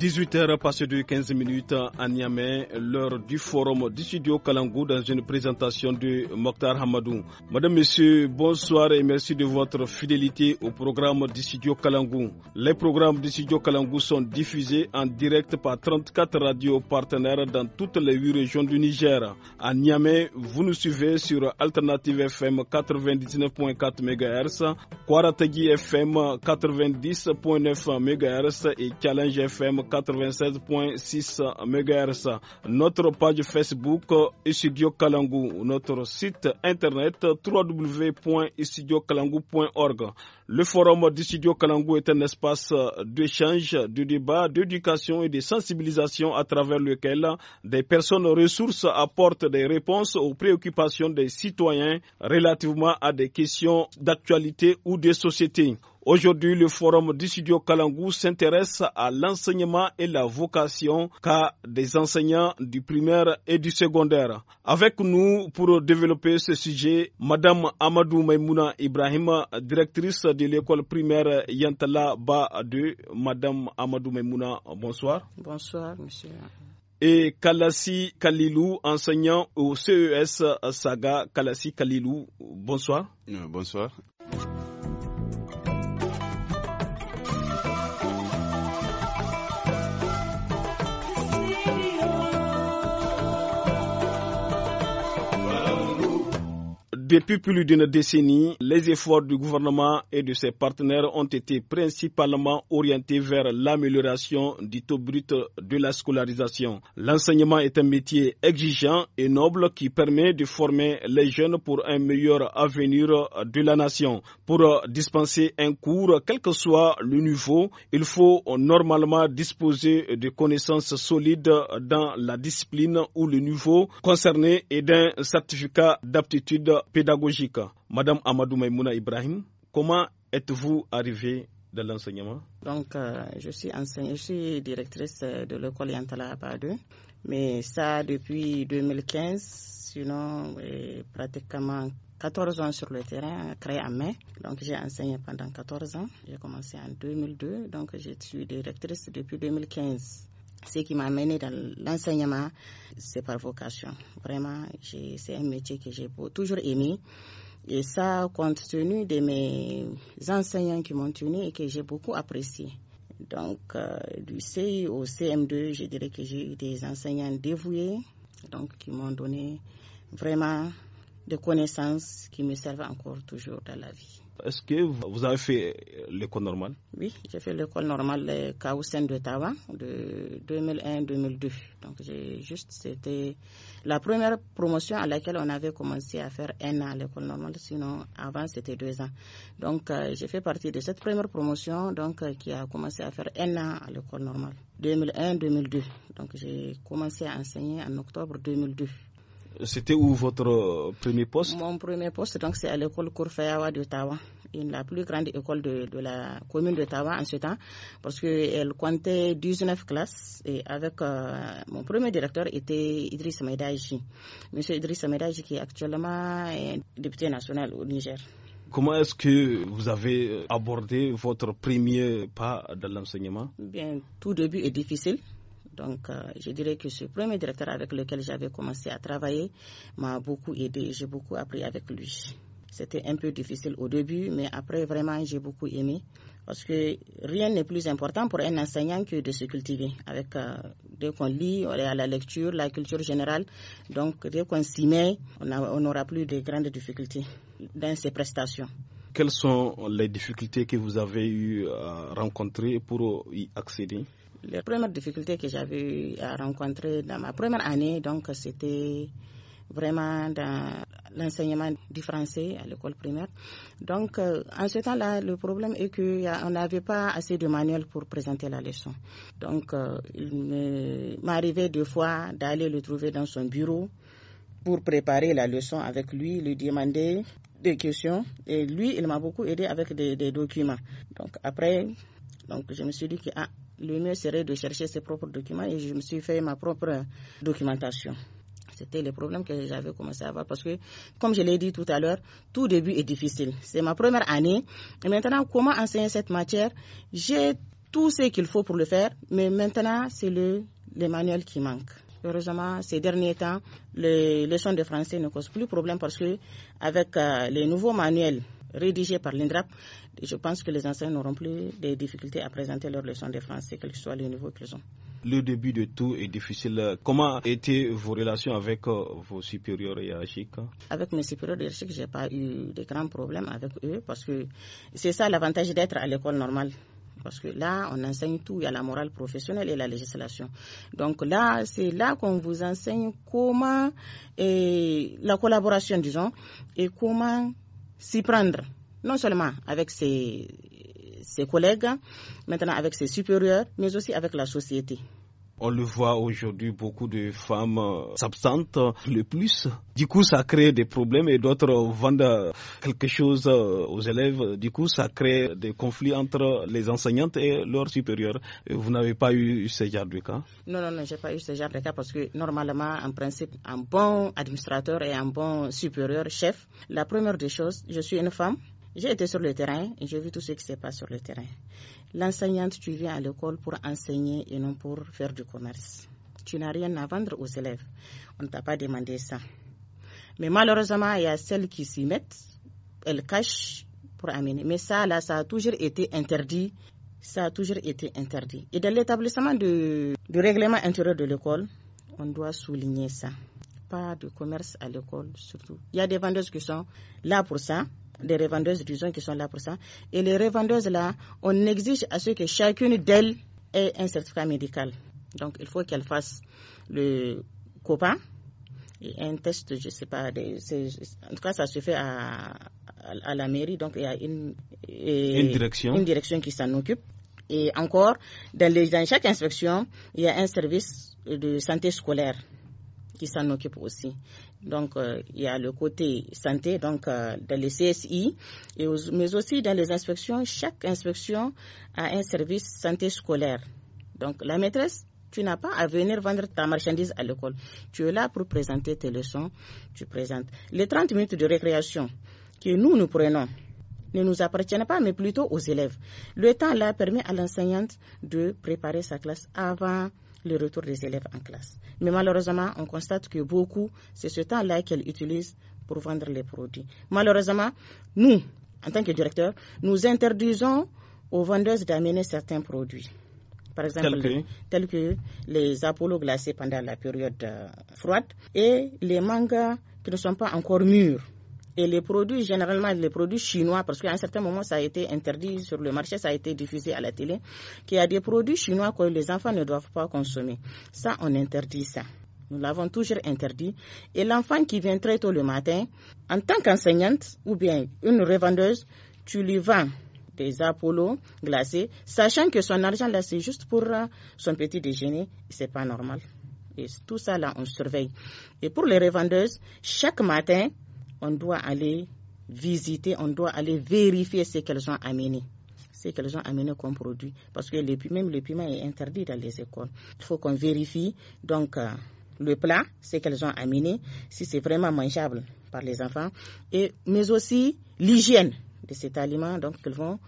18h passé de 15 minutes à Niamey, l'heure du forum du studio Kalangou dans une présentation de Mokhtar Hamadou. Madame, Monsieur, bonsoir et merci de votre fidélité au programme du studio Kalangou. Les programmes du studio Kalangou sont diffusés en direct par 34 radios partenaires dans toutes les 8 régions du Niger. À Niamey, vous nous suivez sur Alternative FM 99.4 MHz, Kwaratagi FM 90.9 MHz et Challenge FM 96.6 MHz, notre page Facebook Studio Kalangu, notre site internet www.studiokalangu.org. Le forum d'Isidio Kalangu est un espace d'échange, de débat, d'éducation et de sensibilisation à travers lequel des personnes ressources apportent des réponses aux préoccupations des citoyens relativement à des questions d'actualité ou de société. Aujourd'hui, le forum du studio Kalangou s'intéresse à l'enseignement et la vocation qu'a des enseignants du primaire et du secondaire. Avec nous pour développer ce sujet, Madame Amadou Maimouna Ibrahim, directrice de l'école primaire Yantala Ba 2. Madame Amadou Maimouna, bonsoir. Bonsoir, monsieur et Kalassi Kalilou, enseignant au CES Saga. Kalassi Kalilou, bonsoir. Euh, bonsoir. Depuis plus d'une décennie, les efforts du gouvernement et de ses partenaires ont été principalement orientés vers l'amélioration du taux brut de la scolarisation. L'enseignement est un métier exigeant et noble qui permet de former les jeunes pour un meilleur avenir de la nation. Pour dispenser un cours, quel que soit le niveau, il faut normalement disposer de connaissances solides dans la discipline ou le niveau concerné et d'un certificat d'aptitude pédagogique, Madame Amadou Maimouna Ibrahim, comment êtes-vous arrivée dans l'enseignement Donc, euh, je, suis enseignante, je suis directrice de l'école Yantala à mais ça depuis 2015, sinon euh, pratiquement 14 ans sur le terrain, créé en mai. Donc, j'ai enseigné pendant 14 ans. J'ai commencé en 2002, donc je suis directrice depuis 2015. Ce qui m'a amené dans l'enseignement, c'est par vocation. Vraiment, c'est un métier que j'ai toujours aimé. Et ça, compte tenu de mes enseignants qui m'ont tenu et que j'ai beaucoup apprécié. Donc, euh, du CI au CM2, je dirais que j'ai eu des enseignants dévoués, donc qui m'ont donné vraiment des connaissances qui me servent encore toujours dans la vie. Est-ce que vous avez fait l'école normale Oui, j'ai fait l'école normale euh, Kaoussen de Tawa de 2001-2002. Donc, juste, c'était la première promotion à laquelle on avait commencé à faire un an à l'école normale. Sinon, avant, c'était deux ans. Donc, euh, j'ai fait partie de cette première promotion donc, euh, qui a commencé à faire un an à l'école normale. 2001-2002. Donc, j'ai commencé à enseigner en octobre 2002. C'était où votre euh, premier poste Mon premier poste, donc, c'est à l'école Kourfayawa d'Ottawa, la plus grande école de, la commune d'Ottawa en ce temps, parce qu'elle comptait 19 classes. Et avec euh, mon premier directeur était Idriss Medaji. Monsieur Idriss Medaji, qui est actuellement est député national au Niger. Comment est-ce que vous avez euh, abordé votre premier pas dans l'enseignement Bien, tout début est difficile donc, euh, je dirais que ce premier directeur avec lequel j'avais commencé à travailler m'a beaucoup aidé j'ai beaucoup appris avec lui. C'était un peu difficile au début, mais après, vraiment, j'ai beaucoup aimé. Parce que rien n'est plus important pour un enseignant que de se cultiver. Avec, euh, dès qu'on lit, on est à la lecture, la culture générale. Donc, dès qu'on s'y met, on n'aura plus de grandes difficultés dans ses prestations. Quelles sont les difficultés que vous avez eu à rencontrer pour y accéder les premières difficultés que j'avais à rencontrer dans ma première année, donc c'était vraiment dans l'enseignement du français à l'école primaire. Donc, euh, en ce temps-là, le problème est qu'on n'avait pas assez de manuels pour présenter la leçon. Donc, euh, il m'arrivait deux fois d'aller le trouver dans son bureau pour préparer la leçon avec lui, lui demander des questions. Et lui, il m'a beaucoup aidé avec des, des, documents. Donc, après, donc, je me suis dit que ah, le mieux serait de chercher ses propres documents et je me suis fait ma propre documentation. C'était le problème que j'avais commencé à avoir parce que, comme je l'ai dit tout à l'heure, tout début est difficile. C'est ma première année. Et maintenant, comment enseigner cette matière J'ai tout ce qu'il faut pour le faire, mais maintenant, c'est le, les manuels qui manquent. Heureusement, ces derniers temps, les leçons de français ne causent plus de problème parce que, avec euh, les nouveaux manuels, rédigé par l'INDRAP, je pense que les enseignants n'auront plus des difficultés à présenter leurs leçons de français, quel que soit le niveau qu'ils ont. Le début de tout est difficile. Comment étaient vos relations avec euh, vos supérieurs hiérarchiques Avec mes supérieurs hiérarchiques, je n'ai pas eu de grands problèmes avec eux parce que c'est ça l'avantage d'être à l'école normale. Parce que là, on enseigne tout. Il y a la morale professionnelle et la législation. Donc là, c'est là qu'on vous enseigne comment et la collaboration, disons, et comment s'y prendre, non seulement avec ses, collègues, maintenant avec ses supérieurs, mais aussi avec la société. On le voit aujourd'hui, beaucoup de femmes euh, s'absentent euh, le plus. Du coup, ça crée des problèmes et d'autres vendent euh, quelque chose aux élèves. Du coup, ça crée des conflits entre les enseignantes et leurs supérieurs. Vous n'avez pas eu ce genre de cas Non, non, non, j'ai pas eu ce genre de cas parce que normalement, en principe, un bon administrateur et un bon supérieur, chef, la première des choses, je suis une femme. J'ai été sur le terrain et j'ai vu tout ce qui se passe sur le terrain l'enseignante, tu viens à l'école pour enseigner et non pour faire du commerce. Tu n'as rien à vendre aux élèves. On ne t'a pas demandé ça. Mais malheureusement, il y a celles qui s'y mettent, elles cachent pour amener. Mais ça, là, ça a toujours été interdit. Ça a toujours été interdit. Et dans l'établissement du, règlement intérieur de l'école, on doit souligner ça. Pas de commerce à l'école, surtout. Il y a des vendeuses qui sont là pour ça des revendeuses disons qui sont là pour ça. Et les revendeuses là, on exige à ce que chacune d'elles ait un certificat médical. Donc il faut qu'elles fassent le COPA et un test, je sais pas, en tout cas ça se fait à, la mairie, donc il y a une, une direction. qui s'en occupe. Et encore, dans, dans chaque inspection, il y a un service de santé scolaire qui s'en occupe aussi. Donc, euh, il y a le côté santé, donc euh, dans les CSI, et mais aussi dans les inspections. Chaque inspection a un service santé scolaire. Donc, la maîtresse, tu n'as pas à venir vendre ta marchandise à l'école. Tu es là pour présenter tes leçons, tu présentes. Les 30 minutes de récréation que nous, nous prenons, ne nous appartiennent pas, mais plutôt aux élèves. Le temps là permet à l'enseignante de préparer sa classe avant le retour des élèves en classe. Mais malheureusement, on constate que beaucoup, c'est ce temps-là qu'elles utilisent pour vendre les produits. Malheureusement, nous, en tant que directeur, nous interdisons aux vendeuses d'amener certains produits. Par exemple, tels que, les apolos glacés pendant la période euh, froide et les mangas qui ne sont pas encore mûrs. Et les produits, généralement les produits chinois, parce qu'à un certain moment, ça a été interdit sur le marché, ça a été diffusé à la télé, qu'il y a des produits chinois que les enfants ne doivent pas consommer. Ça, on interdit ça. Nous l'avons toujours interdit. Et l'enfant qui vient très tôt le matin, en tant qu'enseignante ou bien une revendeuse, tu lui vends des Apollo glacés, sachant que son argent là, c'est juste pour euh, son petit déjeuner. C'est pas normal. Et tout ça là, on surveille. Et pour les revendeuses, chaque matin, on doit aller visiter, on doit aller vérifier ce qu'elles ont amené ce qu'elles ont amené comme produit. Parce que même le piment est interdit dans les écoles. Il faut qu'on vérifie donc euh, le plat, ce qu'elles ont amené, si c'est vraiment mangeable par les enfants, mais aussi l'hygiène de cet aliment donc qu'ils vont,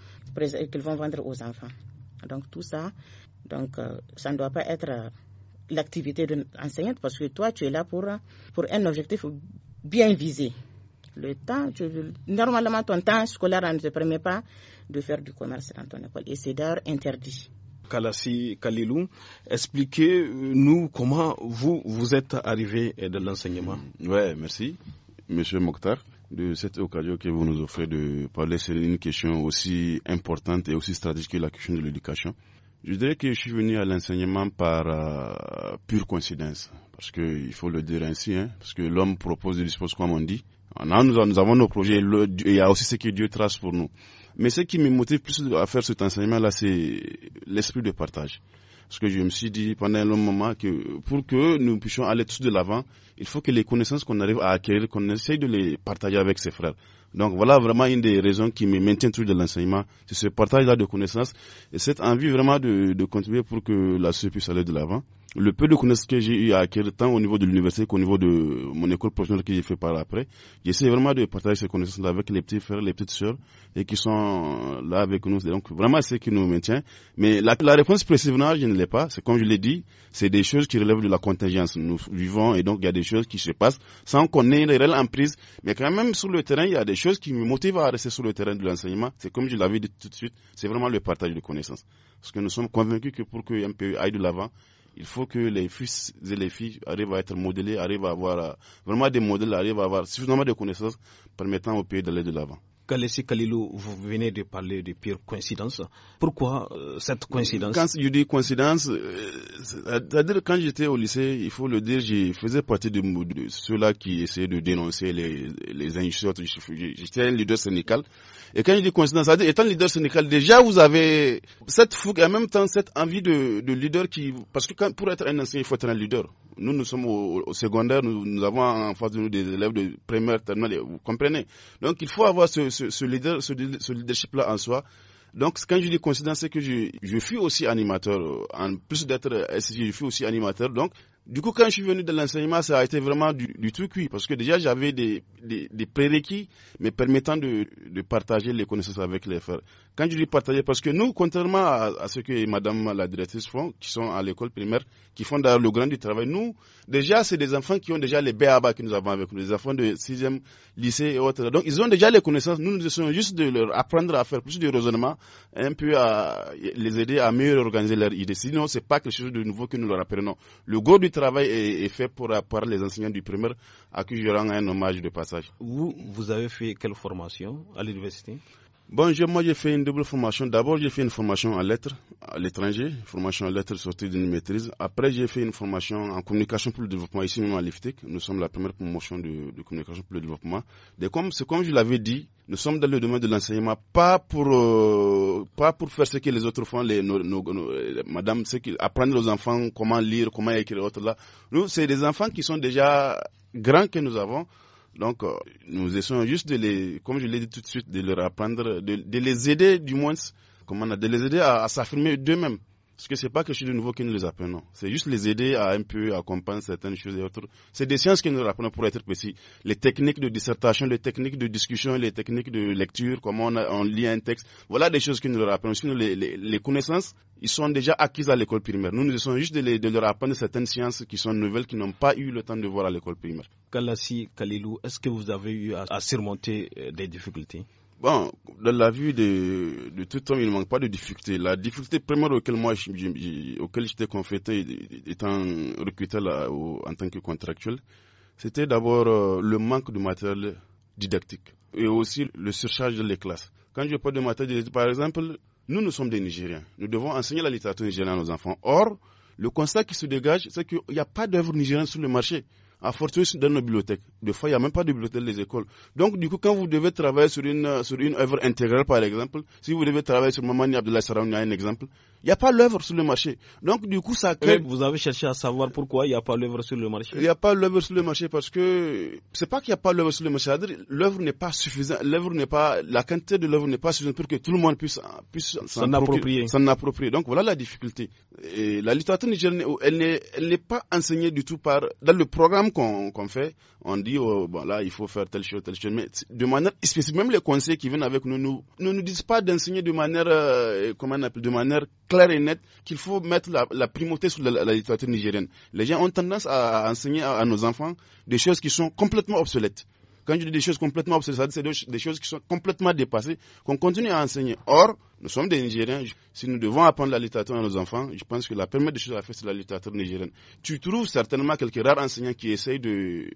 vendre aux enfants. Donc tout ça, donc euh, ça ne doit pas être euh, l'activité d'une enseignante parce que toi tu es là pour, pour un objectif bien visé le temps, normalement, ton temps scolaire ne te permet pas de faire du commerce dans ton école. Et c'est d'ailleurs interdit. Kalassi Kalilou, expliquez-nous comment vous, vous êtes arrivé de l'enseignement. Oui, merci, Monsieur Mokhtar, de cette occasion que vous nous offrez de parler sur une question aussi importante et aussi stratégique que la question de l'éducation. Je dirais que je suis venu à l'enseignement par euh, pure coïncidence, parce qu'il faut le dire ainsi, hein, parce que l'homme propose il dispose, comme on dit. Nous, avons nos projets. Le, il y a aussi ce que Dieu trace pour nous. Mais ce qui me motive plus à faire cet enseignement-là, c'est l'esprit de partage. Parce que je me suis dit pendant un long moment que pour que nous puissions aller tous de l'avant, il faut que les connaissances qu'on arrive à acquérir, qu'on essaye de les partager avec ses frères. Donc voilà vraiment une des raisons qui me maintient toujours de l'enseignement, c'est ce partage-là de connaissances et cette envie vraiment de, de continuer pour que la société puisse aller de l'avant. Le peu de connaissances que j'ai eu à acquérir tant au niveau de l'université qu'au niveau de mon école professionnelle que j'ai fait par après, j'essaie vraiment de partager ces connaissances-là avec les petits frères, les petites sœurs et qui sont là avec nous. Donc vraiment c'est ce qui nous maintient. Mais la, la réponse précise, je ne l'ai pas. C'est comme je l'ai dit, c'est des choses qui relèvent de la contingence. Nous vivons et donc il y a des choses qui se passent sans qu'on ait une réelle emprise. Mais quand même sur le terrain, il y a des chose qui me motive à rester sur le terrain de l'enseignement, c'est comme je l'avais dit tout de suite, c'est vraiment le partage de connaissances. Parce que nous sommes convaincus que pour que pays e aille de l'avant, il faut que les fils et les filles arrivent à être modélés, arrivent à avoir euh, vraiment des modèles, arrivent à avoir suffisamment de connaissances permettant au pays e d'aller de l'avant cas, Kalilou, vous venez de parler de pire coïncidence. Pourquoi euh, cette coïncidence Quand je dis coïncidence, euh, c'est-à-dire quand j'étais au lycée, il faut le dire, je faisais partie de, ceux-là qui essayaient de dénoncer les, les J'étais un leader syndical. Et quand je dis coïncidence, c'est-à-dire étant leader syndical, déjà vous avez cette fougue et en même temps cette envie de, leader qui... Parce que pour être un ancien, il faut être un leader. Nous, nous sommes au, secondaire, nous, avons en face de nous des élèves de primaire, terminale, vous comprenez. Donc il faut avoir ce ce, leader, ce, leadership-là en soi. Donc, quand je dis coïncidence, c'est que je, je suis aussi animateur. Euh, en plus d'être SG, euh, je suis aussi animateur. Donc, du coup, quand je suis venu de l'enseignement, ça a été vraiment du, du tout cuit, parce que déjà j'avais des, des, des, prérequis me permettant de, de, partager les connaissances avec les frères. Quand je dis partager, parce que nous, contrairement à, ce que Madame la directrice font, qui sont à l'école primaire, qui font d'ailleurs le grand du travail, nous, déjà, c'est des enfants qui ont déjà les BABA que nous avons avec nous, des enfants de 6 lycée et autres. Donc, ils ont déjà les connaissances. Nous, nous essayons juste de leur apprendre à faire plus de raisonnement, un peu à les aider à mieux organiser leurs idées. Sinon, c'est pas quelque chose de nouveau que nous leur apprenons. Le travail est, fait pour, par les enseignants du primaire à qui je rends un hommage de passage. Vous, vous avez fait quelle formation à l'université Bonjour, moi, j'ai fait une double formation. D'abord, j'ai fait une formation en lettres à l'étranger, formation en lettres sortie d'une maîtrise. Après, j'ai fait une formation en communication pour le développement ici même à l'IFTEC. Nous sommes la première promotion de, communication pour le développement. comme, c'est comme je l'avais dit, nous sommes dans le domaine de l'enseignement, pas pour euh, pas pour faire ce que les autres font, les, nos, nos, nos, Madame, ce apprendre aux enfants comment lire, comment écrire, autres là. Nous, c'est des enfants qui sont déjà grands que nous avons. Donc, euh, nous essayons juste de les, comme je l'ai dit tout de suite, de leur apprendre, de, de les aider du moins, comment on a, de les aider à s'affirmer d'eux-mêmes. Parce que ce n'est pas quelque chose de nouveau que nous les apprenons. C'est juste les aider à un peu à comprendre certaines choses et autres. C'est des sciences que nous apprenons pour être précis. Les techniques de dissertation, les techniques de discussion, les techniques de lecture, comment on, lit un texte. Voilà des choses que nous leur apprenons. Sinon, les, connaissances, ils sont déjà acquises à l'école primaire. Nous, nous essayons juste de, les, de, leur apprendre certaines sciences qui sont nouvelles, qui n'ont pas eu le temps de voir à l'école primaire. Kalassi Kalilou, est-ce que vous avez eu à surmonter euh, des difficultés Bon, dans la vue de, de, tout homme, il ne manque pas de difficultés. La difficulté première auquel moi, j'étais confronté étant recruté en tant que contractuel, c'était d'abord euh, le manque de matériel didactique et aussi le surcharge des classes. Quand je parle de matériel par exemple, nous, nous sommes des Nigériens. Nous devons enseigner la littérature nigérienne à nos enfants. Or, le constat qui se dégage, c'est qu'il n'y a pas d'œuvre nigérienne sur le marché à fortiori dans nos bibliothèques. Des fois, il n'y a même pas de bibliothèque des écoles. Donc, du coup, quand vous devez travailler sur une, sur une œuvre intégrale, par exemple, si vous devez travailler sur Mamani y a un exemple, il n'y a pas l'œuvre sur le marché. Donc, du coup, ça crée. Eh, vous avez cherché à savoir pourquoi il n'y a pas l'œuvre sur le marché. Il n'y a pas l'œuvre sur le marché parce que c'est pas qu'il n'y a pas l'œuvre sur le marché. L'œuvre n'est pas suffisante. L'œuvre n'est pas, la quantité de l'œuvre n'est pas suffisante pour que tout le monde puisse, puisse s'en approprier. Donc, voilà la difficulté. Et la littérature elle n'est pas enseignée du tout par, dans le programme qu'on fait, on dit, oh, bon, là, il faut faire telle chose, telle chose. Mais de manière spécifique, même les conseils qui viennent avec nous, nous, ne nous, disent pas d'enseigner de manière, euh, comment on appelle, de manière clair et net qu'il faut mettre la, primauté sur la, littérature nigérienne. Les gens ont tendance à, enseigner à, nos enfants des choses qui sont complètement obsolètes. Quand je dis des choses complètement obsolètes, c'est des, des choses qui sont complètement dépassées, qu'on continue à enseigner. Or, nous sommes des Nigériens. Si nous devons apprendre la littérature à nos enfants, je pense que la première des choses à faire, c'est la littérature nigérienne. Tu trouves certainement quelques rares enseignants qui essayent de,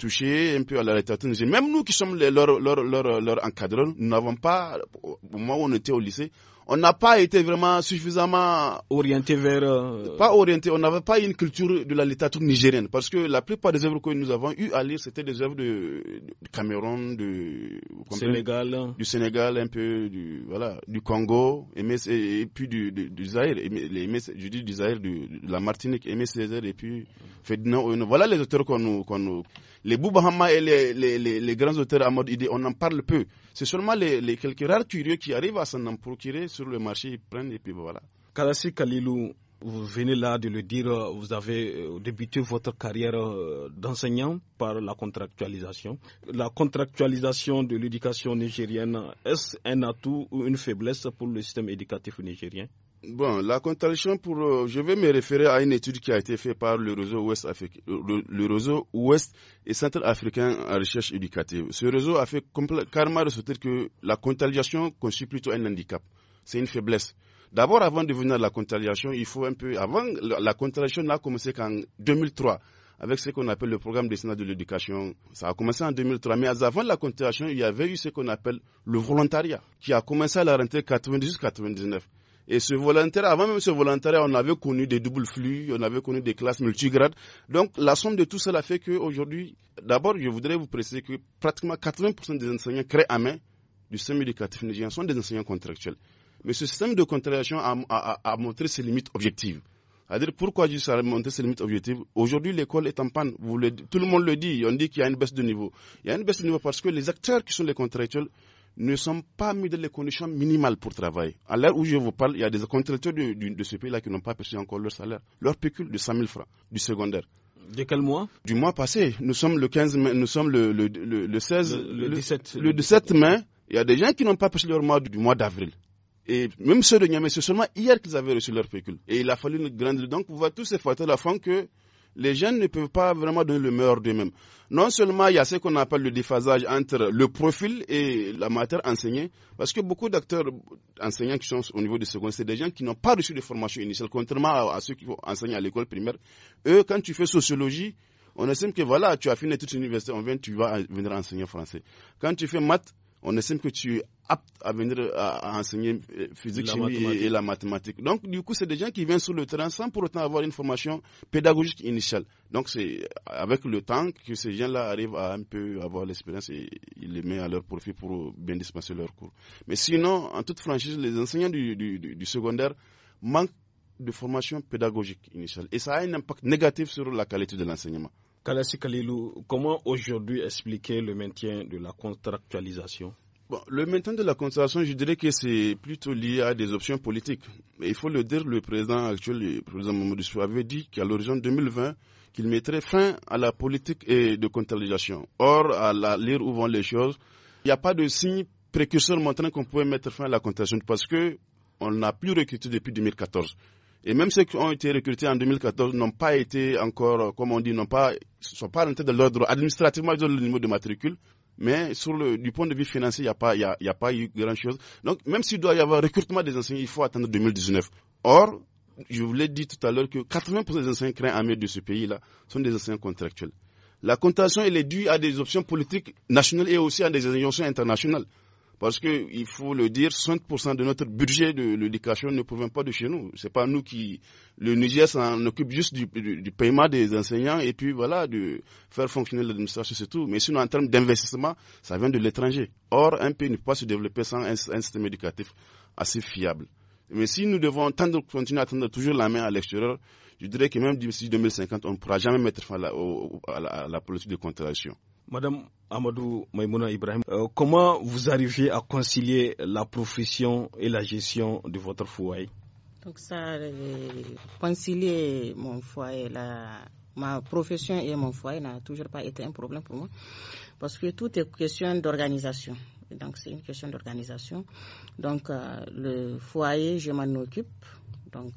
toucher un peu à la littérature Même nous qui sommes les, leurs leur, leurs, nous n'avons pas, au moment où on était au lycée, on n'a pas été vraiment suffisamment orienté vers euh, pas orienté on n'avait pas une culture de la littérature nigérienne parce que la plupart des œuvres que nous avons eu à lire c'était des œuvres de, Cameroun de... Sénégal du Sénégal un peu du voilà du Congo et, et, puis du, du, du Zaire je dis du Zaire de, la Martinique et puis voilà les auteurs qu'on nous, nous les Boubahama et les, grands auteurs à mode idée, on en parle peu. C'est seulement les, quelques rares curieux qui arrivent à s'en procurer sur le marché, ils prennent et puis voilà. Kalasi Kalilou, vous venez là de le dire, vous avez euh, débuté votre carrière euh, d'enseignant par la contractualisation. La contractualisation de l'éducation nigérienne, est-ce un atout ou une faiblesse pour le système éducatif nigérien Bon, la contradiction pour. Euh, je vais me référer à une étude qui a été faite par le réseau Ouest, euh, le, réseau Ouest et Centre africain en recherche éducative. Ce réseau a fait carrément ressortir que la contamination constitue plutôt un handicap. C'est une faiblesse. D'abord, avant de venir à la contamination il faut un peu. Avant, la contamination n'a commencé qu'en 2003 avec ce qu'on appelle le programme décennal de l'éducation. Ça a commencé en 2003, mais avant la contamination il y avait eu ce qu'on appelle le volontariat, qui a commencé à la rentrée 98-99. Et ce volontaire, avant même ce volontaire, on avait connu des doubles flux, on avait connu des classes multigrades. Donc la somme de tout cela fait qu'aujourd'hui, d'abord, je voudrais vous préciser que pratiquement 80% des enseignants créés à main du système éducatif nigérien sont des enseignants contractuels. Mais ce système de contraction a, a, montré ses limites objectives. C'est-à-dire, pourquoi je a montré ses limites objectives Aujourd'hui, l'école est en panne. tout le monde le dit. On dit qu'il y a une baisse de niveau. Il y a une baisse de niveau parce que les acteurs qui sont les contractuels ne sont pas mis dans les conditions minimales pour travailler. À l'heure où je vous parle, il y a des contracteurs de, ce pays-là qui n'ont pas perçu encore leur salaire, leur pécule de 100 000 francs du secondaire. De quel mois Du mois passé. Nous sommes le 15 mai, nous sommes le, le, 16, le, 17, le 17 mai. Il y a des gens qui n'ont pas perçu leur mois du mois d'avril. Et même ceux de Niamey, c'est seulement hier qu'ils avaient reçu leur pécule. Et il a fallu une grande. Donc, vous voyez, tous ces facteurs-là font que les jeunes ne peuvent pas vraiment donner le meilleur d'eux-mêmes. Non seulement il y a ce qu'on appelle le déphasage entre le profil et la matière enseignée, parce que beaucoup d'acteurs enseignants qui sont au niveau du secondaire, c'est des gens qui n'ont pas reçu de formation initiale, contrairement à, ceux qui enseignent à l'école primaire. Eux, quand tu fais sociologie, on estime que voilà, tu as fini toute l'université, on vient, tu vas venir enseigner français. Quand tu fais maths, on estime que tu aptes à venir à, enseigner euh, physique, et, la mathématique. Donc, du coup, c'est des gens qui viennent sur le terrain sans pour autant avoir une formation pédagogique initiale. Donc, c'est avec le temps que ces gens-là arrivent à un peu avoir l'expérience et ils les mettent à leur profit pour bien dispenser leurs cours. Mais sinon, en toute franchise, les enseignants du, secondaire manquent de formation pédagogique initiale. Et ça a un impact négatif sur la qualité de l'enseignement. Kalasi Kalilou, comment aujourd'hui expliquer le maintien de la contractualisation le maintien de la concentration, je dirais que c'est plutôt lié à des options politiques. Mais il faut le dire, le président actuel, le président Mamadou avait dit qu'à l'horizon 2020, qu'il mettrait fin à la politique de comptabilisation. Or, à la lire où vont les choses, il n'y a pas de signe précurseur montrant qu'on pourrait mettre fin à la comptabilisation parce que on n'a plus recruté depuis 2014. Et même ceux qui ont été recrutés en 2014 n'ont pas été encore, comme on dit, n'ont pas, sont pas rentrés dans l'ordre administrativement ont le niveau de matricule, mais sur le, du point de vue financier, il n'y a, pas, eu grand-chose. Donc, même s'il doit y avoir recrutement des enseignants, il faut attendre 2019. Or, je vous l'ai dit tout à l'heure que 80% des enseignants à en de ce pays-là sont des enseignants contractuels. La contraction, elle est due à des options politiques nationales et aussi à des injonctions internationales. Parce que, il faut le dire, 60% de notre budget de, l'éducation ne provient pas de chez nous. C'est pas nous qui, le Niger s'en occupe juste du, paiement des enseignants et puis voilà, de faire fonctionner l'administration, c'est tout. Mais sinon, en termes d'investissement, ça vient de l'étranger. Or, un pays ne peut pas se développer sans un, système éducatif assez fiable. Mais si nous devons tendre, continuer à tendre toujours la main à l'extérieur, je dirais que même d'ici 2050, on ne pourra jamais mettre fin à la, politique de contradiction. Madame Amadou Maïmouna Ibrahim, euh, comment vous arrivez à concilier la profession et la gestion de votre foyer Donc ça, euh, concilier mon foyer, ma profession et mon foyer n'a toujours pas été un problème pour moi, parce que tout est question d'organisation. Donc c'est une question d'organisation. Donc euh, le foyer, je m'en occupe. Donc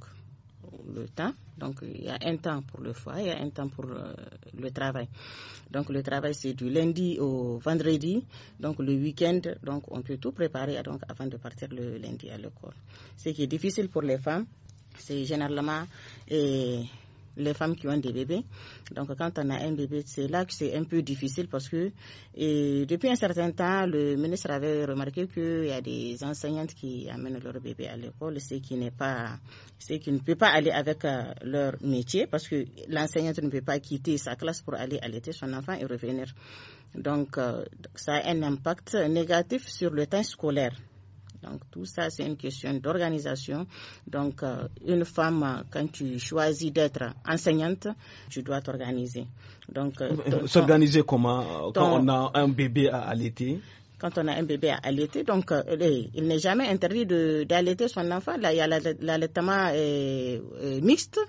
le temps. Donc, il y a un temps pour le foie, il y a un temps pour euh, le, travail. Donc, le travail, c'est du lundi au vendredi. Donc, le week-end, donc, on peut tout préparer donc, avant de partir le lundi à l'école. Ce qui est difficile pour les femmes, c'est généralement les femmes qui ont des bébés. Donc quand on a un bébé, c'est là que c'est un peu difficile parce que et depuis un certain temps, le ministre avait remarqué qu'il y a des enseignantes qui amènent leur bébé à l'école, ce qui n'est pas, ce qui ne peut pas aller avec euh, leur métier parce que l'enseignante ne peut pas quitter sa classe pour aller allaiter son enfant et revenir. Donc euh, ça a un impact négatif sur le temps scolaire. Donc tout ça, c'est une question d'organisation. Donc euh, une femme, euh, quand tu choisis d'être enseignante, tu dois t'organiser. Donc euh, s'organiser comment quand on a un bébé à allaiter quand on a un bébé à allaiter. Donc, il n'est jamais interdit d'allaiter son enfant. Là, il y a l'allaitement est mixte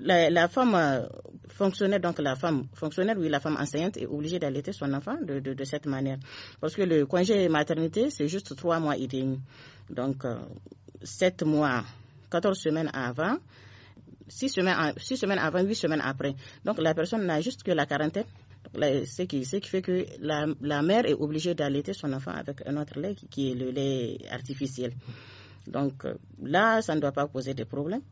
la, femme euh, fonctionnaire, donc la femme fonctionnaire, oui, la femme enseignante est obligée d'allaiter son enfant de, cette manière. Parce que le congé maternité, c'est juste trois mois et demi. Donc, euh, sept mois, 14 semaines avant, six semaines, semaines avant, huit semaines après. Donc, la personne n'a juste que la quarantaine. Ce qui, qui fait que la, la mère est obligée d'allaiter son enfant avec un autre lait qui est le lait artificiel. Donc euh, là, ça ne doit pas poser de problème.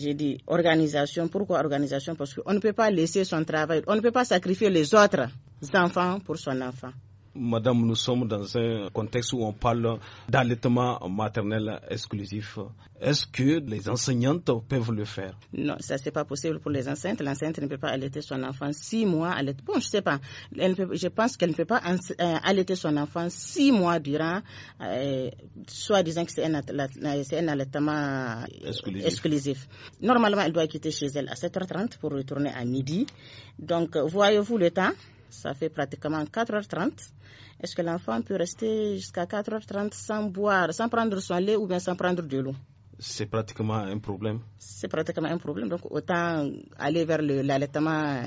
J'ai dit organisation. Pourquoi organisation Parce qu'on ne peut pas laisser son travail, on ne peut pas sacrifier les autres enfants pour son enfant. Madame, nous sommes dans un contexte où on parle d'allaitement maternel exclusif. Est-ce que les enseignantes peuvent le faire Non, ça c'est pas possible pour les enceintes. L'enceinte ne peut pas allaiter son enfant six mois. Bon, je sais pas. je pense qu'elle ne peut pas euh, allaiter son enfant six mois durant, euh, soit disant que c'est un, allaitement exclusif. Normalement, elle doit quitter chez elle à 7h30 pour retourner à midi. Donc, voyez-vous le temps ça fait pratiquement 4h30. Est-ce que l'enfant peut rester jusqu'à 4h30 sans boire, sans prendre son lait ou bien sans prendre de l'eau C'est pratiquement un problème. C'est pratiquement un problème. Donc autant aller vers l'allaitement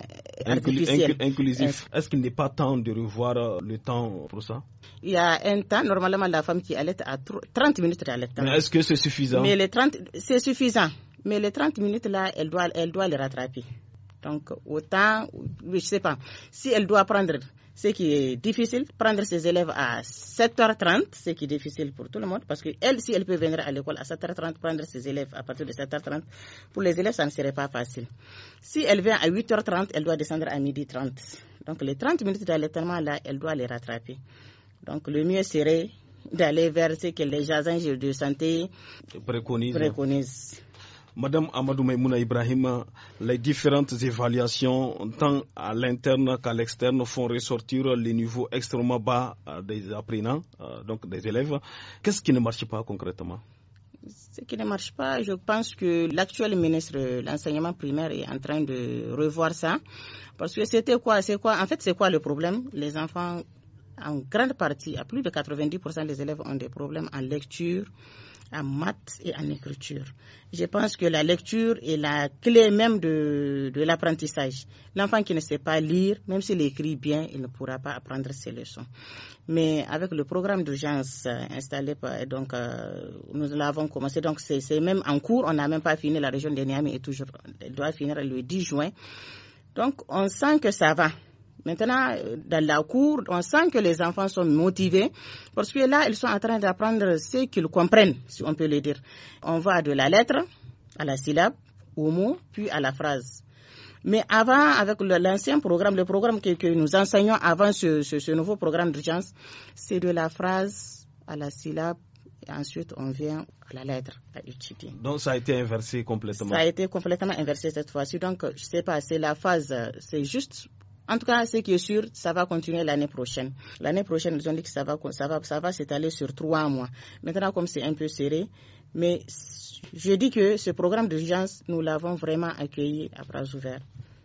artificiel. inclusif. Est-ce qu'il n'est pas temps de revoir euh, le temps pour ça Il y a un temps. Normalement, la femme qui allaite a 30 minutes d'allaitement. Mais est-ce que c'est suffisant c'est suffisant. Mais les 30 minutes là, elle doit, elle doit les rattraper. Donc, autant, je ne sais pas, si elle doit prendre ce qui est difficile, prendre ses élèves à 7h30, ce qui est difficile pour tout le monde, parce qu'elle, si elle peut venir à l'école à 7h30, prendre ses élèves à partir de 7h30, pour les élèves, ça ne serait pas facile. Si elle vient à 8h30, elle doit descendre à 12h30. Donc, les 30 minutes d'allaitement, là, elle doit les rattraper. Donc, le mieux serait d'aller vers ce que les gens de santé préconisent. Madame Amadou Maimouna Ibrahim, les différentes évaluations, tant à l'interne qu'à l'externe, font ressortir les niveaux extrêmement bas euh, des apprenants, euh, donc des élèves. Qu'est-ce qui ne marche pas concrètement ce qui ne marche pas, je pense que l'actuel ministre de l'enseignement primaire est en train de revoir ça. Parce que c'était quoi, c'est quoi, en fait, c'est quoi le problème? Les enfants, en grande partie, à plus de 90% des élèves ont des problèmes en lecture, en maths et en écriture. Je pense que la lecture est la clé même de, de l'apprentissage. L'enfant qui ne sait pas lire, même s'il écrit bien, il ne pourra pas apprendre ses leçons. Mais avec le programme d'urgence euh, installé, par, donc, euh, nous l'avons commencé, donc c'est même en cours, on n'a même pas fini, la région de Niamey toujours, elle doit finir le 10 juin. Donc, on sent que ça va. Maintenant, euh, dans la cour, on sent que les enfants sont motivés parce que là, ils sont en train d'apprendre ce qu'ils comprennent, si on peut le dire. On va de la lettre à la syllabe, au mot, puis à la phrase. Mais avant, avec l'ancien programme, le programme que, nous enseignons avant ce, ce, nouveau programme d'urgence, c'est de la phrase à la syllabe et ensuite on vient à la lettre à étudier. Donc ça a été inversé complètement. Ça a été complètement inversé cette fois-ci. Donc je sais pas, c'est la phase, euh, c'est juste en tout cas, ce qui est sûr, ça va continuer l'année prochaine. L'année prochaine, nous ont dit que ça va, s'étaler sur trois mois. Maintenant, comme c'est un peu serré, mais je dis que ce programme d'urgence, nous l'avons vraiment accueilli à bras ouverts.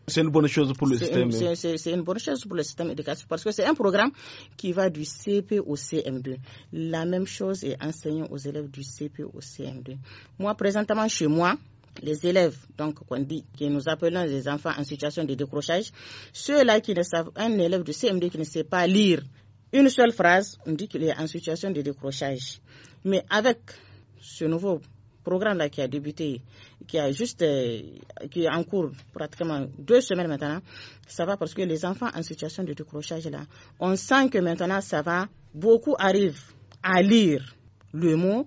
C'est une bonne chose pour le système. Hein. C'est une bonne chose pour le système éducatif parce que c'est un programme qui va du CP au CM2. La même chose est enseignée aux élèves du CP au CM2. Moi, présentement, chez moi, les élèves, donc qu'on dit, que nous appelons les enfants en situation de décrochage, ceux-là qui ne savent, un élève de CMD qui ne sait pas lire une seule phrase, on dit qu'il est en situation de décrochage. Mais avec ce nouveau programme-là qui a débuté, qui a juste, euh, qui est en cours pratiquement deux semaines maintenant, ça va parce que les enfants en situation de décrochage là, on sent que maintenant ça va, beaucoup arrivent à lire le mot,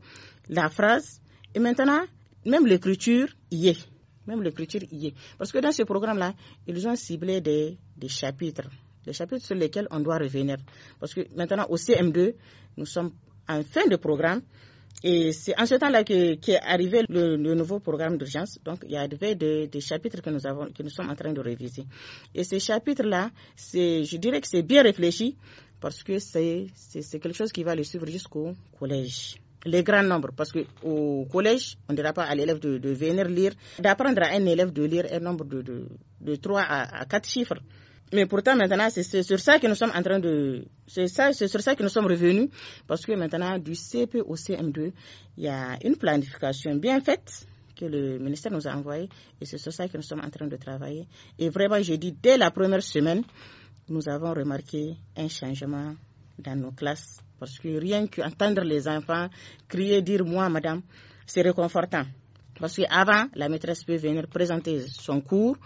la phrase, et maintenant même l'écriture, y est. Même l'écriture y est. Parce que dans ce programme-là, ils ont ciblé des, chapitres des chapitres sur lesquels on doit revenir. Parce que maintenant, au CM2, nous sommes en fin de programme. Et c'est en ce temps-là qu'est arrivé le, nouveau programme d'urgence. Donc, il y avait des, chapitres que nous, avons, que nous sommes en train de réviser. Et ces chapitres-là, je dirais que c'est bien réfléchi parce que c'est quelque chose qui va les suivre jusqu'au collège les grands nombres, parce qu'au collège, on ne dira pas à l'élève de, venir lire, d'apprendre à un élève de lire un nombre de, de, 3 à, quatre 4 chiffres. Mais pourtant, maintenant, c'est sur ça que nous sommes en train de. C'est sur ça que nous sommes revenus. Parce que maintenant, du CP au CM2, il y a une planification bien faite que le ministère nous a envoyée. Et c'est sur ça que nous sommes en train de travailler. Et vraiment, je dis, dès la première semaine, nous avons remarqué un changement dans nos classes parce que rien qu'entendre les enfants crier, dire moi, madame, c'est réconfortant. Parce qu'avant, la maîtresse peut venir présenter son cours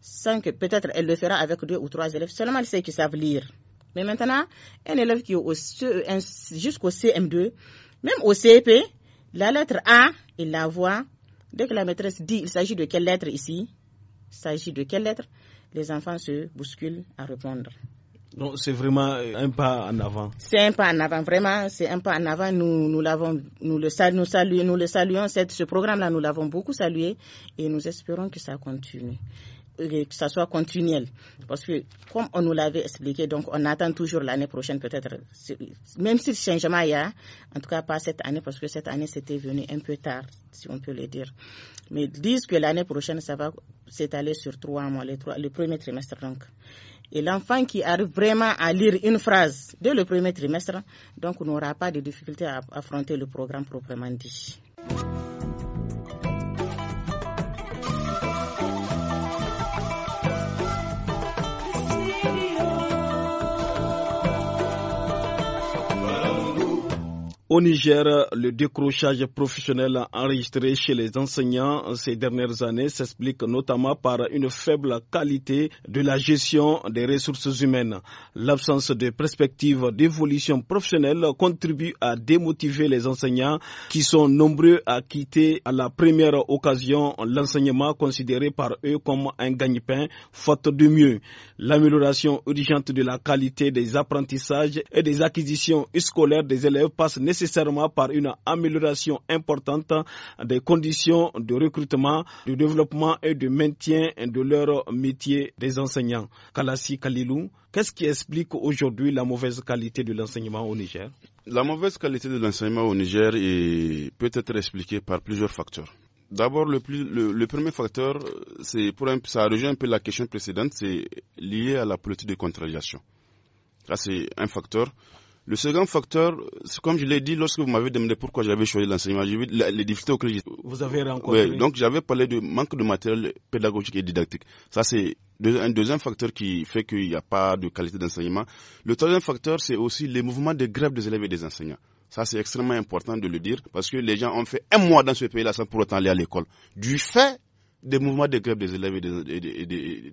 sans que peut-être elle le fera avec deux ou trois élèves, seulement ceux qui savent lire. Mais maintenant, un élève qui est jusqu'au CM2, même au CP, la lettre A, il la voit. Dès que la maîtresse dit il s'agit de quelle lettre ici, il s'agit de quelle lettre, les enfants se bousculent à répondre. Donc c'est vraiment un pas en avant. C'est un pas en avant, vraiment, c'est un pas en avant. Nous, nous l'avons, nous le saluons, nous, le saluons. ce programme-là, nous l'avons beaucoup salué et nous espérons que ça continue que ça soit continuel. Parce que, comme on nous l'avait expliqué, donc on attend toujours l'année prochaine, peut-être, même si le changement y a, en tout cas pas cette année, parce que cette année c'était venu un peu tard, si on peut le dire. Mais disent que l'année prochaine, ça va s'étaler sur trois mois, les le premier trimestre donc. Et l'enfant qui arrive vraiment à lire une phrase dès le premier trimestre, donc n'aura pas de difficulté à affronter le programme proprement dit. Au Niger, le décrochage professionnel enregistré chez les enseignants ces dernières années s'explique notamment par une faible qualité de la gestion des ressources humaines. L'absence de perspectives d'évolution professionnelle contribue à démotiver les enseignants qui sont nombreux à quitter à la première occasion l'enseignement considéré par eux comme un gagne-pain faute de mieux. L'amélioration urgente de la qualité des apprentissages et des acquisitions scolaires des élèves passe nécessairement nécessairement par une amélioration importante des conditions de recrutement, de développement et de maintien de leur métier des enseignants. Kalassi Kalilou, qu'est-ce qui explique aujourd'hui la mauvaise qualité de l'enseignement au Niger La mauvaise qualité de l'enseignement au Niger est, peut être expliquée par plusieurs facteurs. D'abord, le, premier facteur, pour un, ça rejoint un peu la question précédente, c'est lié à la politique de contrariation. Ça c'est un facteur. Le second facteur, comme je l'ai dit lorsque vous m'avez demandé pourquoi j'avais choisi l'enseignement, j'ai vu les difficultés auxquelles j'ai... Vous avez rencontré... Oui, donc j'avais parlé de manque de matériel pédagogique et didactique. Ça, c'est un deuxième facteur qui fait qu'il n'y a pas de qualité d'enseignement. Le troisième facteur, c'est aussi les mouvements de grève des élèves et des enseignants. Ça, c'est extrêmement important de le dire parce que les gens ont fait un mois dans ce pays-là sans pour autant aller à l'école. Du fait des mouvements de grève des élèves, et des,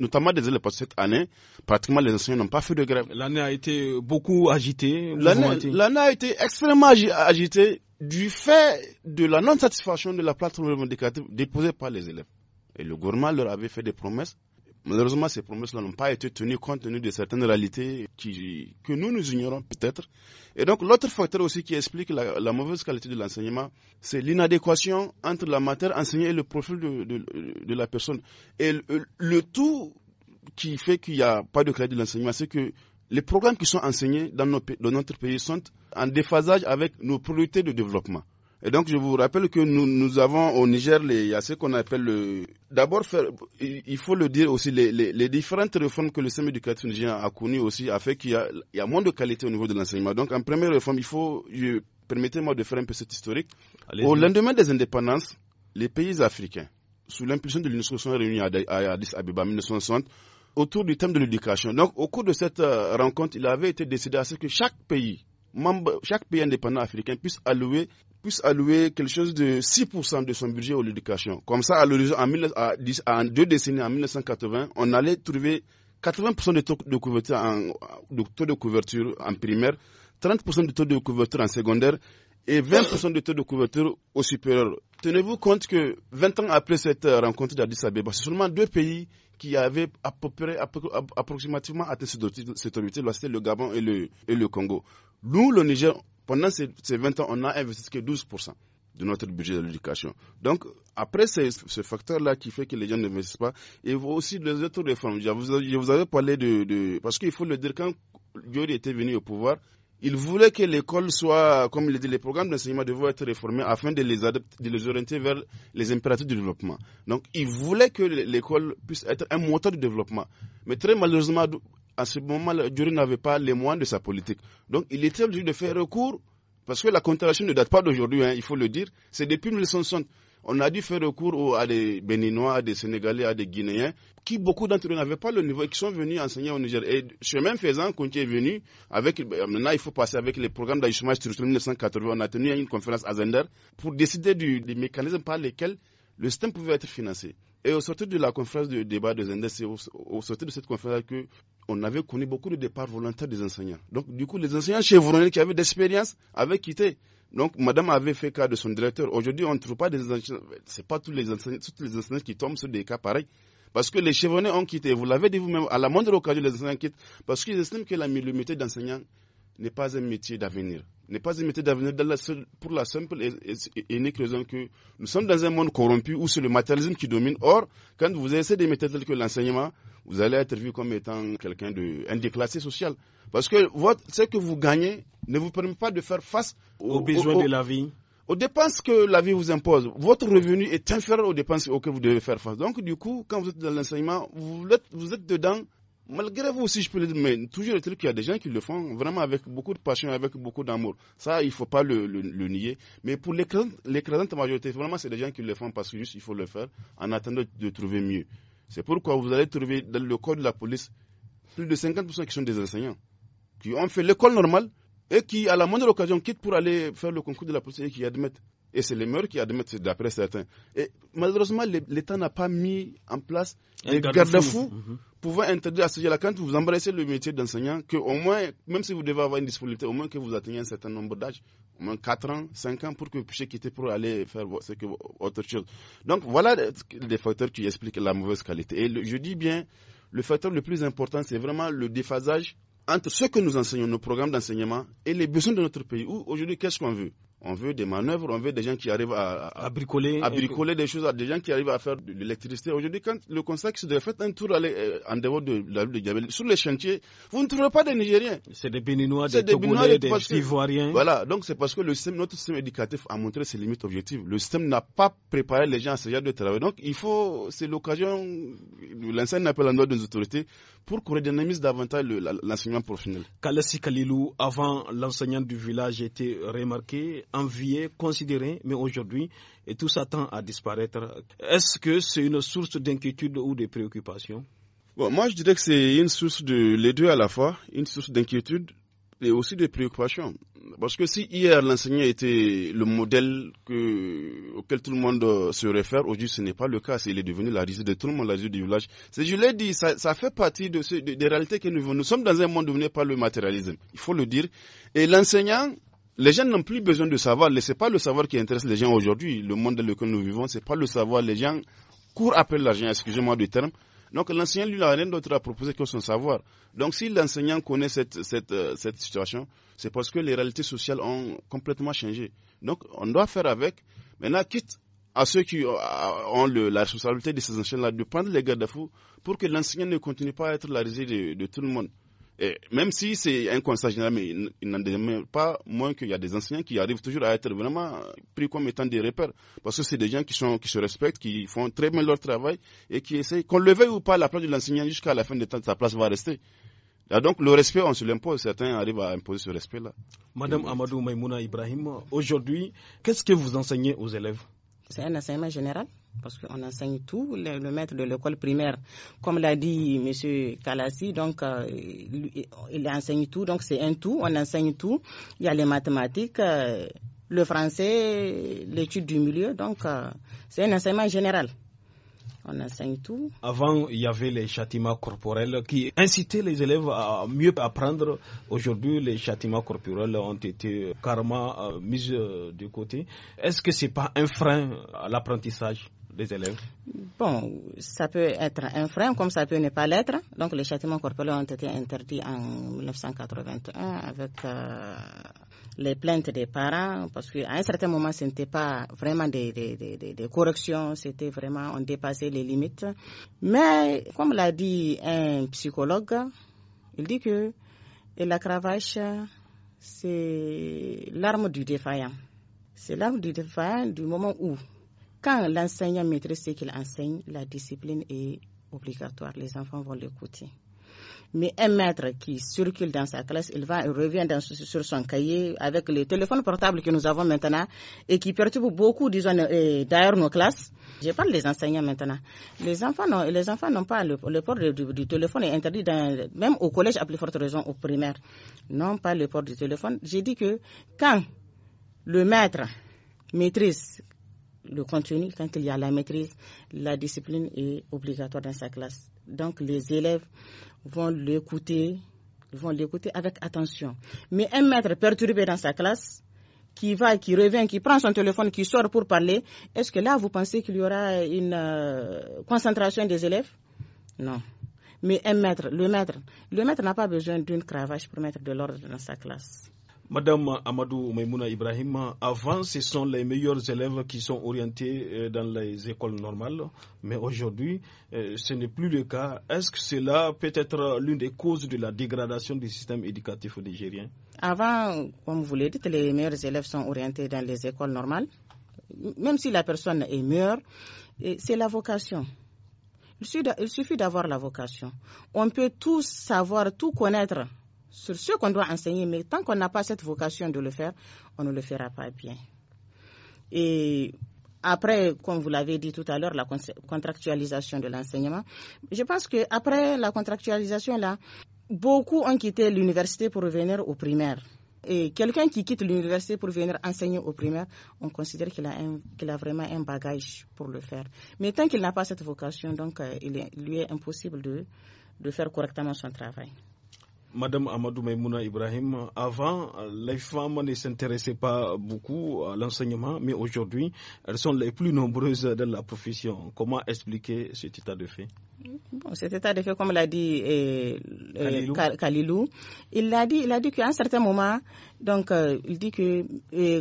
notamment des élèves, cette année, pratiquement les enseignants n'ont pas fait de grève. L'année a été beaucoup agitée. L'année a été extrêmement agitée du fait de la non-satisfaction de la plateforme revendicative déposée par les élèves. Et le gouvernement leur avait fait des promesses Malheureusement, ces promesses-là n'ont pas été tenues compte tenu de certaines réalités que nous, nous ignorons peut-être. Et donc, l'autre facteur aussi qui explique la, mauvaise qualité de l'enseignement, c'est l'inadéquation entre la matière enseignée et le profil de, la personne. Et le, tout qui fait qu'il n'y a pas de qualité de l'enseignement, c'est que les programmes qui sont enseignés dans notre pays sont en déphasage avec nos priorités de développement. Et donc, je vous rappelle que nous, nous avons au Niger, il y a ce qu'on appelle le. D'abord, il faut le dire aussi, les, les, différentes réformes que le système éducatif nigérien a connues aussi a fait qu'il y, y, a moins de qualité au niveau de l'enseignement. Donc, en première réforme, il faut. Permettez-moi de faire un peu cet historique. Au lendemain des indépendances, les pays africains, sous l'impulsion de l'UNESCO, sont réunis à Addis Abeba en 1960 autour du thème de l'éducation. Donc, au cours de cette euh, rencontre, il avait été décidé à ce que chaque pays, chaque pays indépendant africain puisse allouer puisse allouer quelque chose de 6% de son budget à l'éducation. Comme ça, à l'horizon, en, deux décennies, en 1980, on allait trouver 80% de taux de couverture en, taux de couverture en primaire, 30% de taux de couverture en secondaire et 20% de taux de couverture au supérieur. Tenez-vous compte que 20 ans après cette rencontre d'Addis Abeba, c'est seulement deux pays qui avaient à approximativement atteint cette objectif, c'était le Gabon et le Congo. Nous, le Niger, pendant ces, ces 20 ans, on n'a investi que 12% de notre budget de l'éducation. Donc, après ce, facteur-là qui fait que les gens n'investissent pas, et aussi les autres réformes. Je vous, avais parlé de, parce qu'il faut le dire, quand Diori était venu au pouvoir, il voulait que l'école soit, comme il dit, les programmes d'enseignement devaient être réformés afin de les, adapter, de les orienter vers les impératifs du développement. Donc, il voulait que l'école puisse être un moteur de développement. Mais très malheureusement, à ce moment-là, n'avait pas les moyens de sa politique. Donc, il était obligé de faire recours, parce que la contradiction ne date pas d'aujourd'hui, hein, il faut le dire. C'est depuis 1960. On a dû faire recours à des Béninois, à des Sénégalais, à des Guinéens, qui beaucoup d'entre eux n'avaient pas le niveau, et qui sont venus enseigner au Niger. Et même faisant, quand il est venu, avec, ben, maintenant il faut passer avec les programmes d'ajustement structurel 1980, on a tenu une conférence à Zender pour décider du, des mécanismes par lesquels le système pouvait être financé. Et au sortir de la conférence de débat de Zender, c'est au, au sortir de cette conférence que on avait connu beaucoup de départs volontaires des enseignants. Donc, du coup, les enseignants chevronnés qui avaient d'expérience avaient quitté. Donc, madame avait fait cas de son directeur. Aujourd'hui, on ne trouve pas des enseignants. C'est pas tous les enseignants, tous les enseignants qui tombent sur des cas pareils. Parce que les chevronnés ont quitté. Vous l'avez dit vous-même, à la moindre occasion, les enseignants quittent. Parce qu'ils estiment que la métier d'enseignant n'est pas un métier d'avenir. N'est pas un métier d'avenir pour la simple et unique raison que nous sommes dans un monde corrompu où c'est le matérialisme qui domine. Or, quand vous essayez des métiers tels que l'enseignement, vous allez être vu comme étant quelqu'un de un déclassé social. Parce que ce que vous gagnez ne vous permet pas de faire face aux, besoins de la vie. Aux dépenses que la vie vous impose. Votre revenu est inférieur aux dépenses auxquelles vous devez faire face. Donc, du coup, quand vous êtes dans l'enseignement, vous êtes, dedans malgré vous aussi, je peux le dire, mais toujours il y a des gens qui le font vraiment avec beaucoup de passion, avec beaucoup d'amour. Ça, il ne faut pas le, le, nier. Mais pour l'écrasante majorité, vraiment, c'est des gens qui le font parce que juste, il faut le faire en attendant de trouver mieux. C'est pourquoi vous allez trouver dans le corps de la police plus de 50% qui sont des enseignants, qui ont fait l'école normale et qui, à la moindre occasion, quittent pour aller faire le concours de la police et qui admettent. Et c'est les meilleurs qui admettent, d'après certains. Et malheureusement, l'État n'a pas mis en place un garde fou mhm. pouvant interdire à ce sujet-là. Quand vous embrassez le métier d'enseignant, que au moins, même si vous devez avoir une disponibilité, au moins que vous atteignez un certain nombre d'âge, au moins 4 ans, 5 ans, pour que vous puissiez quitter pour aller faire autre chose. Donc voilà les facteurs qui expliquent la mauvaise qualité. Et je dis bien, le facteur le plus important, c'est vraiment le déphasage entre ce que nous enseignons, nos programmes d'enseignement, et les besoins de notre pays. aujourd'hui, qu'est-ce qu'on veut on veut des manœuvres, on veut des gens qui arrivent à, bricoler, à des choses, des gens qui arrivent à faire de l'électricité. Aujourd'hui, quand le conseil se fait un tour euh, en dehors de la ville de Gabelle, sur les chantiers, vous ne trouverez pas des Nigériens. C'est des Béninois, des, des, Ivoiriens. Voilà, donc c'est parce que le notre système éducatif a montré ses limites objectives. Le système n'a pas préparé les gens à ce genre de travail. Donc il faut, c'est l'occasion, de appelle appel en des autorités pour qu'on redynamise davantage l'enseignement professionnel. Kalassi Kalilou, avant l'enseignant du village, était remarqué envié, considéré, mais aujourd'hui, tout ça tend à disparaître. Est-ce que c'est une source d'inquiétude ou de préoccupation Moi, je dirais que c'est une source de les deux à la fois, une source d'inquiétude et aussi de préoccupation. Parce que si hier l'enseignant était le modèle que, auquel tout le monde euh, se réfère, aujourd'hui ce n'est pas le cas. Il est devenu la risée de tout le monde, la risée du village. Je l'ai dit, ça, fait partie de, des réalités que nous vivons. Nous sommes dans un monde dominé par le matérialisme. Il faut le dire. Et l'enseignant, les gens n'ont plus besoin de savoir. Ce n'est pas le savoir qui intéresse les gens aujourd'hui. Le monde dans lequel nous vivons, ce n'est pas le savoir. Les gens courent après l'argent, excusez-moi du terme. Donc l'enseignant, lui, n'a rien d'autre à proposer que son savoir. Donc si l'enseignant connaît cette, cette, euh, cette situation, c'est parce que les réalités sociales ont complètement changé. Donc on doit faire avec. Maintenant, quitte à ceux qui ont la responsabilité de ces enseignants-là de prendre les garde-fous pour que l'enseignant ne continue pas à être la réserve de tout le monde même si c'est un constat général, mais il n'en demeure pas moins qu'il y a des enseignants qui arrivent toujours à être vraiment pris comme étant des repères. Parce que c'est des gens qui, sont, qui se respectent, qui font très bien leur travail et qui essaient, qu'on le veuille ou pas, la place de l'enseignant jusqu'à la fin de temps, sa place va rester. donc le respect, on se l'impose. Certains arrivent à imposer ce respect-là. Madame Amadou Maimouna Ibrahim, aujourd'hui, qu'est-ce que vous enseignez aux élèves c'est un enseignement général parce qu'on enseigne tout. Le, maître de l'école primaire, comme l'a dit M. Kalassi, donc euh, il, enseigne tout, donc c'est un tout. On enseigne tout. Il y a les mathématiques, euh, le français, l'étude du milieu, donc euh, c'est un enseignement général. On enseigne tout. Avant, il y avait les châtiments corporels qui incitaient les élèves à mieux apprendre. Aujourd'hui, les châtiments corporels ont été carrément euh, mis euh, de côté. Est-ce que ce n'est pas un frein à l'apprentissage des élèves Bon, ça peut être un frein comme ça peut ne pas l'être. Donc les châtiments corporels ont été interdits en 1981 avec euh, les plaintes des parents, parce qu'à un certain moment, ce n'était pas vraiment des, des, des, des corrections, c'était vraiment, on dépassait les limites. Mais, comme l'a dit un psychologue, il dit que la cravache, c'est l'arme du défaillant. C'est l'arme du défaillant du moment où, quand l'enseignant maîtrise ce qu'il enseigne, la discipline est obligatoire, les enfants vont l'écouter. Mais un maître qui circule dans sa classe, il va, il revient sur son cahier avec les téléphones portables que nous avons maintenant et qui perturbent beaucoup, disons, d'ailleurs nos classes. Je parle des enseignants maintenant. Les enfants n'ont, pas le, port du, téléphone est interdit même au collège à plus forte raison au primaire. n'ont pas le port du téléphone. J'ai dit que quand le maître maîtrise le contenu, quand il y a la maîtrise, la discipline est obligatoire dans sa classe. Donc les élèves vont l'écouter, vont l'écouter avec attention. Mais un maître perturbé dans sa classe, qui va, qui revient, qui prend son téléphone, qui sort pour parler, est-ce que là, vous pensez qu'il y aura une euh, concentration des élèves Non. Mais un maître, le maître, le maître n'a pas besoin d'une cravache pour mettre de l'ordre dans sa classe. Madame Amadou Maimouna Ibrahim, avant, ce sont les meilleurs élèves qui sont orientés euh, dans les écoles normales, mais aujourd'hui, euh, ce n'est plus le cas. Est-ce que cela peut être l'une des causes de la dégradation du système éducatif nigérien Avant, comme vous l'avez dit, les meilleurs élèves sont orientés dans les écoles normales. Même si la personne est meilleure, c'est la vocation. Il suffit d'avoir la vocation. On peut tout savoir, tout connaître sur ce qu'on doit enseigner, mais tant qu'on n'a pas cette vocation de le faire, on ne le fera pas bien. Et après, comme vous l'avez dit tout à l'heure, la contractualisation de l'enseignement, je pense qu'après la contractualisation, là, beaucoup ont quitté l'université pour revenir au primaire. Et quelqu'un qui quitte l'université pour venir enseigner au primaire, on considère qu'il a, vraiment un bagage pour le faire. Mais tant qu'il n'a pas cette vocation, donc, euh, il lui est impossible de faire correctement son travail. Madame Amadou Maimouna Ibrahim, avant, les femmes ne s'intéressaient pas beaucoup à l'enseignement, mais aujourd'hui, elles sont les plus nombreuses dans la profession. Comment expliquer cet état de fait Cet état de fait, comme l'a dit euh, euh, Kalilou. il a dit, qu'à un certain moment, donc, euh, il dit que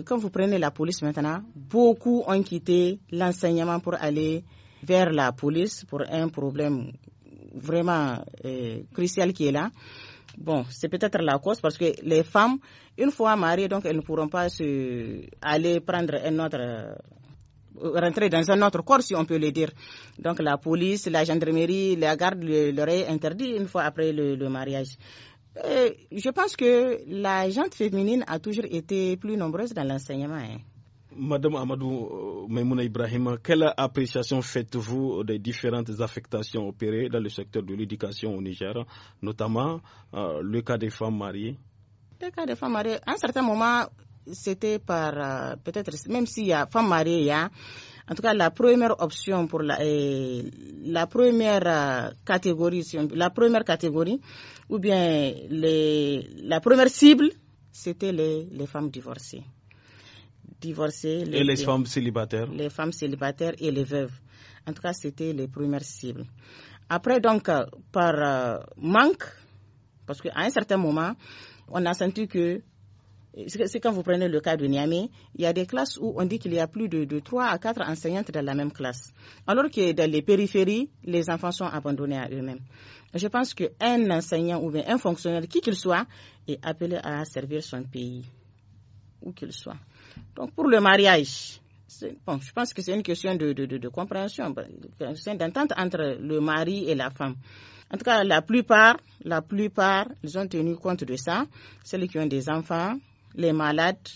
quand vous prenez la police maintenant, beaucoup ont quitté l'enseignement pour aller vers la police pour un problème vraiment crucial qui est là. Bon, c'est peut-être la cause parce que les femmes, une fois mariées, donc elles ne pourront pas se aller prendre un autre euh, rentrer dans un autre corps, si on peut le dire. Donc la police, la gendarmerie, la garde leur est interdit une fois après le, mariage. Euh, je pense que la gente féminine a toujours été plus nombreuse dans l'enseignement. Hein. Madame Amadou euh, Memouna Ibrahim, quelle appréciation faites-vous des différentes affectations opérées dans le secteur de l'éducation au Niger, notamment euh, le cas des femmes mariées Le cas des femmes mariées, à un certain moment, c'était par euh, peut-être, même s'il y a femmes mariées, en tout cas la première option pour la, première catégorie, ou bien la première cible, c'était les femmes divorcées divorcés. Les, et les femmes célibataires. Les femmes célibataires et les veuves. En tout cas, c'était les premières cibles. Après, donc, euh, par euh, manque, parce qu'à un certain moment, on a senti que, c'est quand vous prenez le cas de Niamey, il y a des classes où on dit qu'il y a plus de, 3 à 4 enseignantes dans la même classe. Alors que dans les périphéries, les enfants sont abandonnés à eux-mêmes. Je pense qu'un enseignant ou un fonctionnaire, qui qu'il soit, est appelé à servir son pays, où qu'il soit. Donc pour le mariage, bon, je pense que c'est une question de, de, de, de compréhension, d'entente entre le mari et la femme. En tout cas, la plupart, la plupart, ils ont tenu compte de ça. Celles qui ont des enfants, les malades.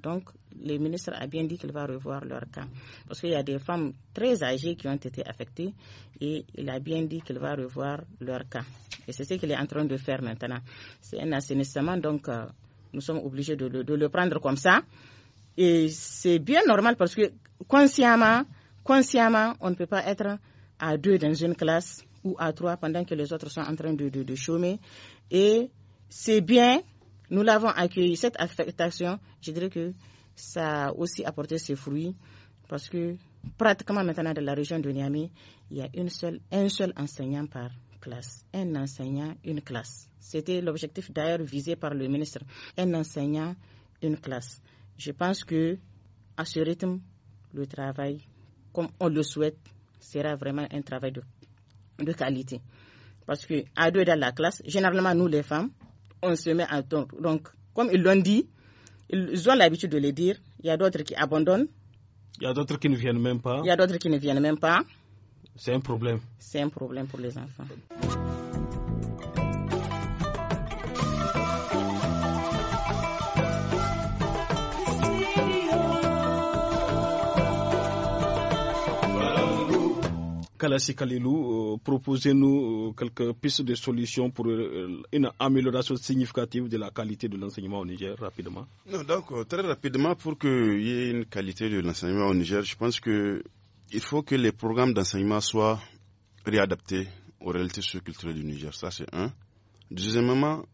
Donc, le ministre a bien dit qu'il va revoir leur cas. Parce qu'il y a des femmes très âgées qui ont été affectées et il a bien dit qu'il va revoir leur cas. Et c'est ce qu'il est en train de faire maintenant. C'est un assainissement, donc euh, nous sommes obligés de de le prendre comme ça. Et c'est bien normal parce que consciemment, consciemment, on ne peut pas être à deux dans une classe ou à trois pendant que les autres sont en train de, chômer. Et c'est bien, nous l'avons accueilli, cette affectation, je dirais que ça a aussi apporté ses fruits parce que pratiquement maintenant dans la région de Niamey, il y a une seule, un seul enseignant par classe, un enseignant, une classe. C'était l'objectif d'ailleurs visé par le ministre, un enseignant, une classe. Je pense que à ce rythme, le travail, comme on le souhaite, sera vraiment un travail de, qualité. Parce que à deux dans la classe, généralement nous les femmes, on se met en temps. Donc, comme ils l'ont dit, ils ont l'habitude de le dire. Il y a d'autres qui abandonnent. Il y a d'autres qui ne viennent même pas. Il y a d'autres qui ne viennent même pas. C'est un problème. C'est un problème pour les enfants. Kalassi Kalilou, euh, proposez-nous euh, quelques pistes de solutions pour euh, une amélioration significative de la qualité de l'enseignement au Niger, rapidement. Non, donc, très rapidement, pour qu'il y ait une qualité de l'enseignement au Niger, je pense qu'il faut que les programmes d'enseignement soient réadaptés aux réalités socioculturelles du Niger. Ça, c'est un. Deuxièmement,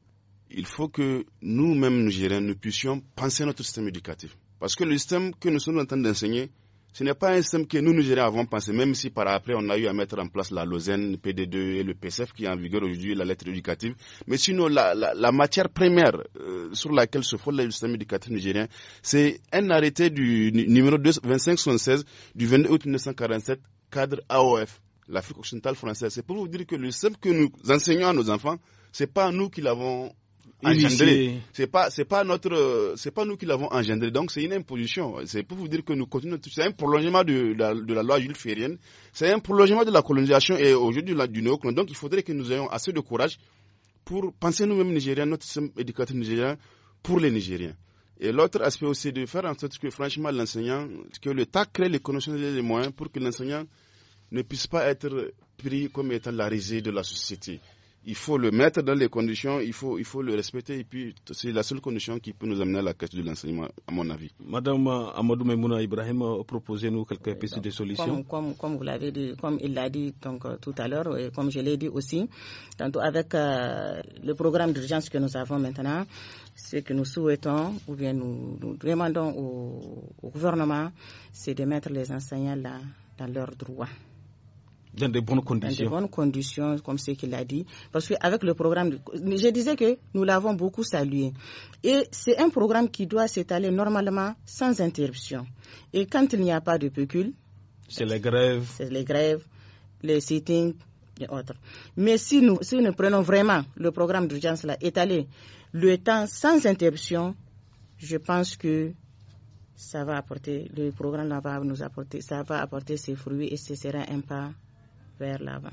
il faut que nous-mêmes, Nigériens, nous puissions penser notre système éducatif. Parce que le système que nous sommes en train d'enseigner, ce n'est pas un système que nous, Nigériens, avons pensé, même si par après, on a eu à mettre en place la Lausanne, le PD2 et le PCF qui est en vigueur aujourd'hui, la lettre éducative. Mais sinon, la, la, matière première euh, sur laquelle se fonde le système éducatif nigérien, c'est un arrêté du numéro 2576 du 22 août 1947, cadre AOF, l'Afrique occidentale française. C'est pour vous dire que le système que nous enseignons à nos enfants, c'est pas nous qui l'avons ah, engendré. C'est pas, c'est pas notre, c'est pas nous qui l'avons engendré. Donc c'est une imposition. C'est pour vous dire que nous continuons. C'est un prolongement de, la, loi Jules Ferrienne. C'est un prolongement de la colonisation et aujourd'hui du néocolon Donc il faudrait que nous ayons assez de courage pour penser nous-mêmes nigériens, notre système éducatif nigérien pour les Nigériens. Et l'autre aspect aussi, de faire en sorte que franchement l'enseignant, que l'État crée les connaissances et les moyens pour que l'enseignant ne puisse pas être pris comme étant la de la société il faut le mettre dans les conditions, il faut, il faut le respecter. Et puis, c'est la seule condition qui peut nous amener à la question de l'enseignement, à mon avis. Madame Amadou Memouna Ibrahim, proposez-nous quelques pistes de solutions. Comme, comme, vous l'avez comme il l'a dit donc, euh, tout à l'heure, et comme je l'ai dit aussi, avec euh, le programme d'urgence que nous avons maintenant, ce que nous souhaitons, ou bien nous, demandons au, au gouvernement, c'est de mettre les enseignants là dans leurs droits. Dans de bonnes conditions. Dans de bonnes conditions, comme ce qu'il a dit. Parce qu'avec le programme, je disais que nous l'avons beaucoup salué. Et c'est un programme qui doit s'étaler normalement sans interruption. Et quand il n'y a pas de pécule. C'est les grèves. C'est les grèves, les sittings et autres. Mais si nous, si nous prenons vraiment le programme d'urgence là, étalé, le temps sans interruption, je pense que ça va apporter, le programme va nous apporter, ça va apporter ses fruits et ce sera un pas verla.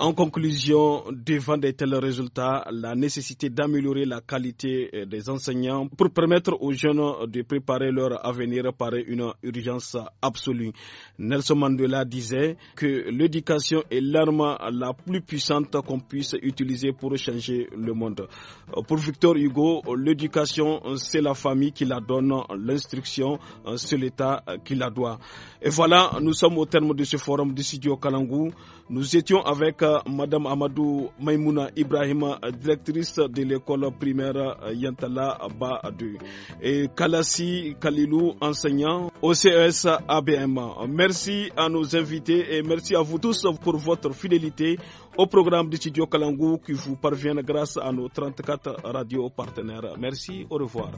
En conclusion, devant de tels résultats, la nécessité d'améliorer la qualité euh, des enseignants pour permettre aux jeunes de préparer leur avenir paraît une urgence absolue. Nelson Mandela disait que l'éducation est l'arme la plus puissante qu'on puisse utiliser pour changer le monde. Pour Victor Hugo, l'éducation, c'est la famille qui la donne, l'instruction, c'est l'État qui la doit. Et voilà, nous sommes au terme de ce forum du studio Kalangou. Nous étions avec Madame Amadou Maimouna Ibrahima, directrice de l'école primaire Yantala Ba 2, et Kalassi Kalilou, enseignant au CES ABM. Merci à nos invités et merci à vous tous pour votre fidélité au programme de Kalangou qui vous parvient grâce à nos 34 radios partenaires. Merci, au revoir.